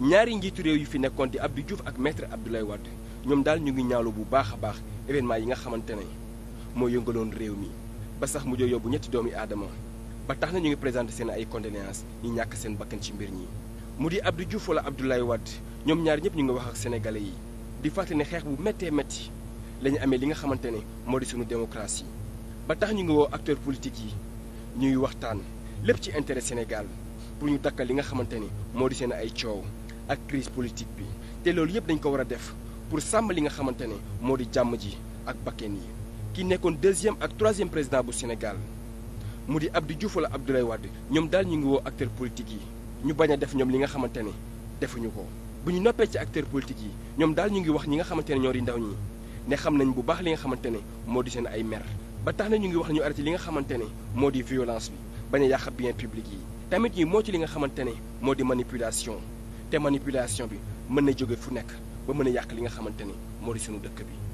ñaari njiitu réew yi fi nekkoon di Abdou Diouf ak maître Abdoulaye Wade ñoom daal ñu ngi ñaalu bu baax baax événement yi nga xamante ne moo yëngaloon réew mi ba sax mu mujj yóbbu ñetti doomi aadama ba tax na ñu ngi présenté seen ay condoléances ñi ñàkk seen bakkan ci mbir ñi. mu di Abdou Diouf wala Abdoulaye Wade ñoom ñaar ñëpp ñu ngi wax ak sénégalais yi di fàttali ne xeex bu méttee métti la ñu amee li nga xamante ne moo di suñu démocratie ba tax ñu ngi woo acteurs politiques yi ñuy waxtaan lépp ci intérêt Sénégal pour ñu dakkal li nga xamante ne moo di seen ay coow. ak crise politique bi te loolu yëpp dañ ko war a def pour sàmm li nga xamante ne moo di jàmm ji ak bakken yi ki nekkoon deuxième ak troisième président bu Sénégal mu di Abdou Diouf wala Abdoulaye Wade ñoom daal ñu ngi woo acteurs politiques yi ñu bañ a def ñoom li nga xamante ne defuñu ko bu ñu noppee ci acteurs politiques yi ñoom daal ñu ngi wax ñi nga xamante ne ñoo di ndaw ñi ne xam nañ bu baax li nga xamante ne moo di seen ay mer ba tax na ñu ngi wax ñu arrêté li nga xamante ne moo di violence bañ a bien public yi tamit yi moo ci li nga xamante ne moo di manipulation te manipulation bi mën na jóge fu nekk ba mën a yàq li nga xamante ni moo di sunu dëkk bi